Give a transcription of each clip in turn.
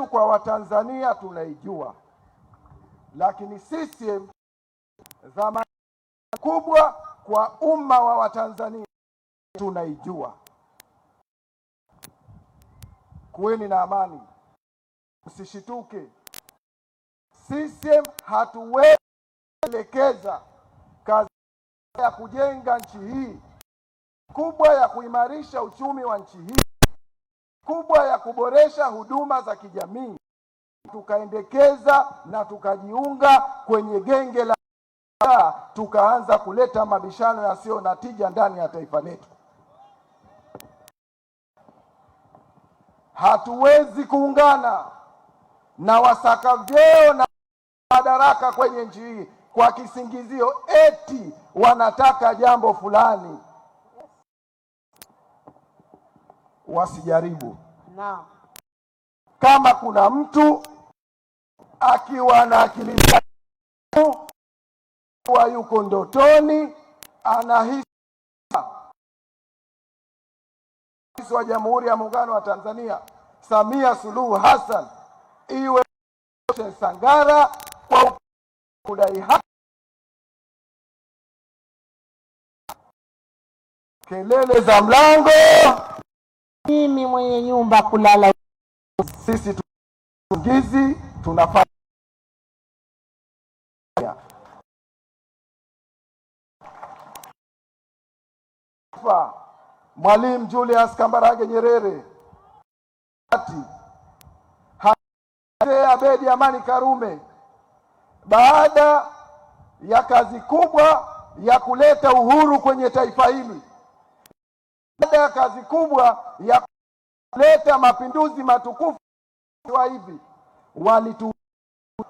yetu kwa Watanzania tunaijua, lakini CCM dhamana kubwa kwa umma wa Watanzania tunaijua. Kuweni na amani, msishituke. CCM hatuwezi elekeza kazi ya kujenga nchi hii kubwa ya kuimarisha uchumi wa nchi hii kubwa ya kuboresha huduma za kijamii, tukaendekeza na tukajiunga kwenye genge la tukaanza kuleta mabishano yasiyo na tija ndani ya taifa letu. Hatuwezi kuungana na wasaka vyeo na madaraka kwenye nchi hii kwa kisingizio eti wanataka jambo fulani. wasijaribu. Naam. Kama kuna mtu akiwa na akili wa yuko ndotoni anahisi wa Jamhuri ya Muungano wa Tanzania Samia Suluhu Hassan iwe Sangara kwa kudai haki. Kelele za mlango mimi mwenye nyumba kulala. Sisi tungizi tunafanya Mwalimu Julius Kambarage Nyerere Abedi Amani Karume baada ya kazi kubwa ya kuleta uhuru kwenye taifa hili baada ya kazi kubwa ya kuleta mapinduzi matukufu wa hivi walitu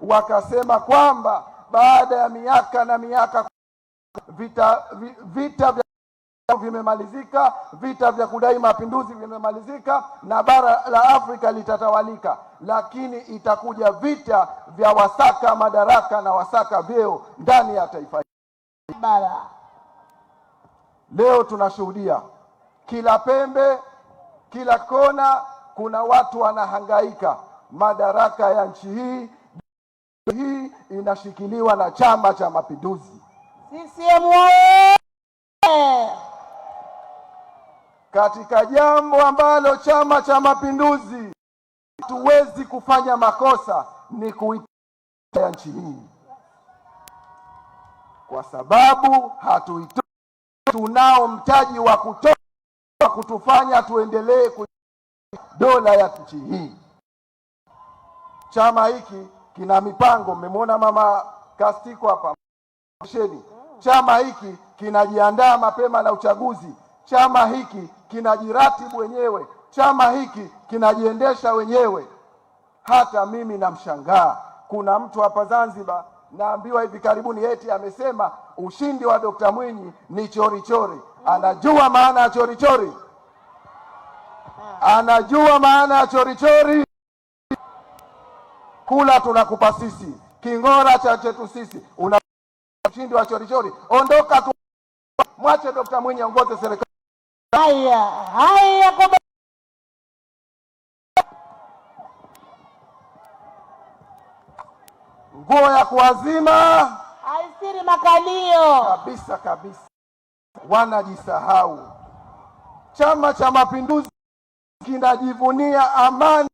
wakasema kwamba baada ya miaka na miaka vita vita vya vimemalizika, vita vya kudai mapinduzi vimemalizika, na bara la Afrika litatawalika, lakini itakuja vita vya wasaka madaraka na wasaka vyeo ndani ya taifa hili. Leo tunashuhudia kila pembe, kila kona, kuna watu wanahangaika. Madaraka ya nchi hii hii inashikiliwa na Chama cha Mapinduzi, CCM Katika jambo ambalo Chama cha Mapinduzi hatuwezi kufanya makosa ni kuitoa nchi hii, kwa sababu hatuitoi. Tunao mtaji wa kutoa kutufanya tuendelee ku dola ya nchi hii. Chama hiki kina mipango, mmemwona mama Kastiko hapa. Chama hiki kinajiandaa mapema na uchaguzi. Chama hiki kinajiratibu wenyewe. Chama hiki kinajiendesha wenyewe. Hata mimi namshangaa, kuna mtu hapa Zanzibar naambiwa hivi karibuni eti amesema ushindi wa Dokta Mwinyi ni chorichori chori anajua maana ya chori chori anajua maana ya chorichori. Kula tunakupa sisi, king'ora cha chetu sisi. Una mshindi wa chorichori, ondoka tu, mwache dokta Mwinyi aongoze serikali. Haya haya, nguo ya kuazima haisiri makalio kabisa kabisa wanajisahau. Chama cha Mapinduzi kinajivunia amani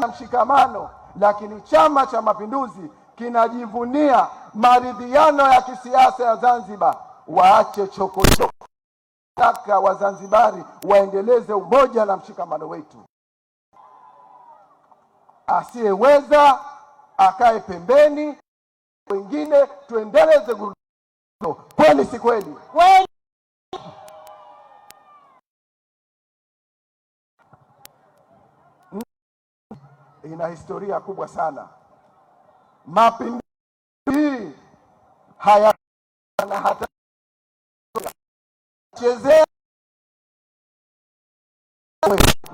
na mshikamano, lakini Chama cha Mapinduzi kinajivunia maridhiano ya kisiasa ya Zanzibar. Waache chokochoko, nataka Wazanzibari waendeleze umoja na mshikamano wetu. Asiyeweza akae pembeni, wengine tuendeleze gurudumu. Kweli si kweli? Kweli. ina historia kubwa sana. Mapinduzi haya na hata chezea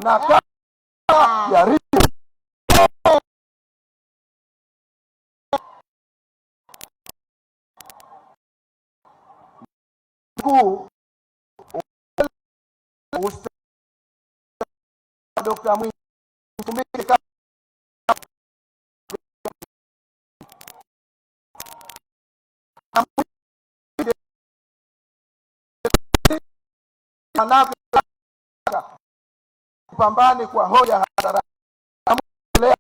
na kama ya kuu Mwinyi pambani kwa hoja hadharani,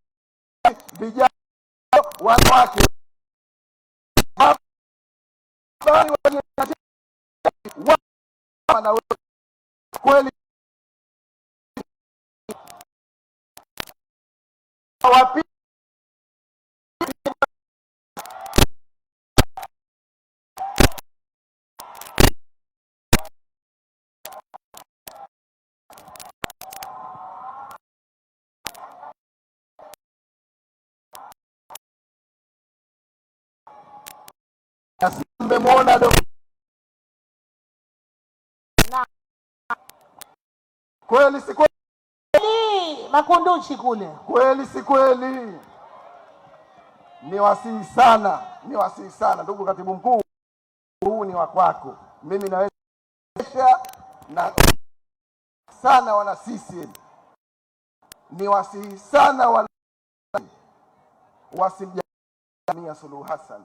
vijana, wanawake kweli wapi mmemwona kweli, si kweli? Makunduchi kule kweli, si kweli? Ni wasihi sana, ni wasihi sana ndugu katibu mkuu, huu ni wakwako. Mimi naweza na sana wana CCM, ni wasihi sana wana wasimjamia Suluhu Hassan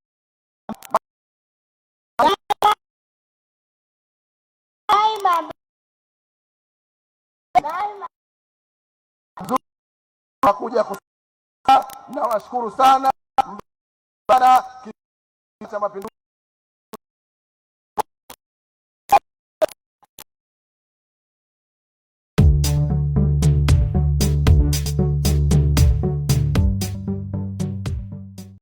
kuja na washukuru sana bana cha mapinduzi